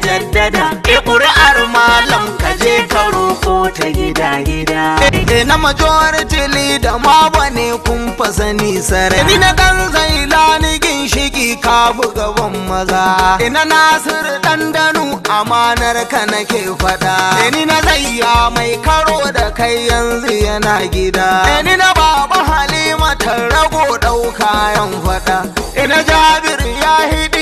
jaddada ki ƙuri'ar malam ka je ka roƙo ta gida gida ke na jili da ma bane kun fasani sare ni na dan zaila ni ginshiki ka buga ban maza ina nasir dandanu amanar ka nake faɗa ni na zayya mai karo da kai yanzu yana gida ni na baba halima rago ɗauka yan faɗa ina jabir ya hidi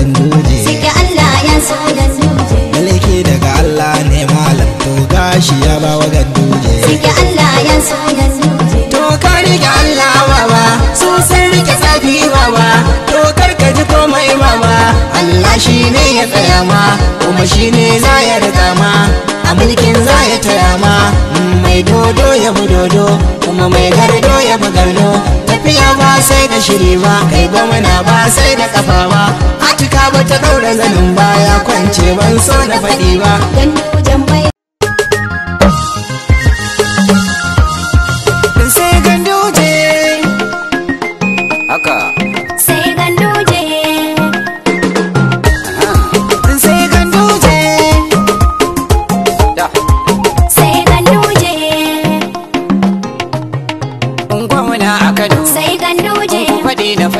Allah shi ne ya tsaya ma kuma shi ne za ya riga ma a mulkin za ya taya ma mai dodo ya bu dodo kuma mai gardo ya bu gardo tafiya ba sai da shiri ba kai gwamna ba sai da kafa ba atika ba ta daura zanin baya kwance ban so na faɗi ba enough.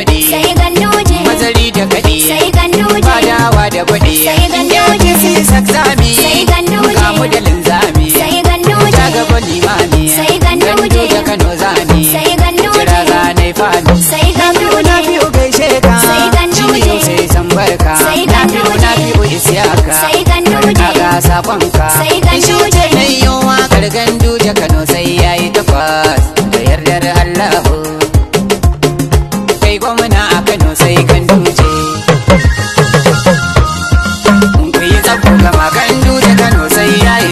Kano sai kan duje